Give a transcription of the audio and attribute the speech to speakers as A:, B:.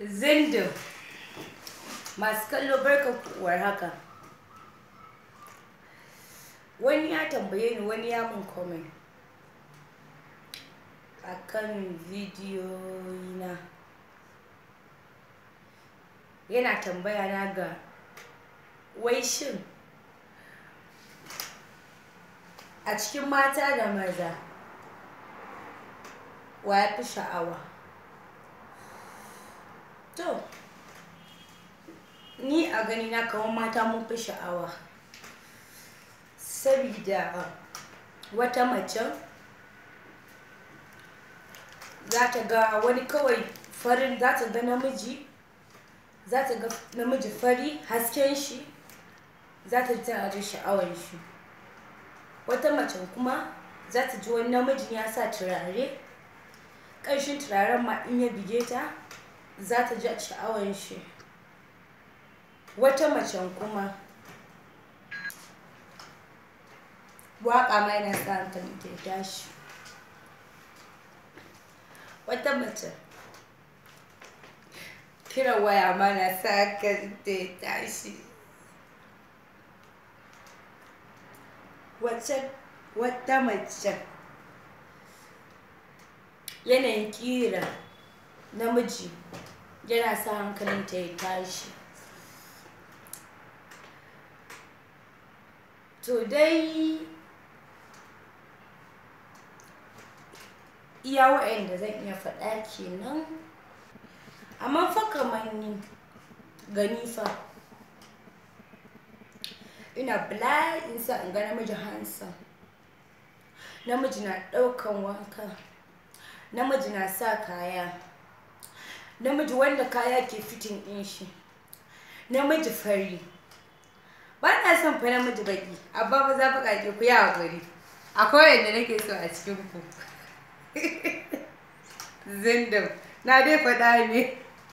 A: zindin masu kallo barka kuwar haka wani ya tambaye ni wani ya mun komen a kan na yana tambaya na ga wai shin a cikin mata da maza wa ya fi sha'awa To, ni a gani na kawo mata mun fi sha'awa. Sabida wata mace za ta ga wani kawai farin za ta ga namiji za ta ga namiji fari hasken shi za ta ta jin sha'awar shi wata mace kuma za ta ji wani namijin ya sa turare ƙarshen turaren ma in ya bige ta za ta ji sha'awan shi wata macen kuma waƙa ma yana sa hankalin ta tashi wata mace kiran waya ma na sa hankalin ta tashi wata mace yanayin ƙira namiji yana sa hankalinta ya tashi to dai iya wa'anda zan iya faɗa kenan amma fa kamar ni gani fa ina in sa in ga namiji hansa namiji na ɗaukan wanka namiji na sa kaya namiji wanda kaya ke fitin ɗin shi namiji fari ba na son fa namiji baki abba ba za ka ke ku ya gari akwai wanda nake so a cikin ku zindam na dai faɗa ne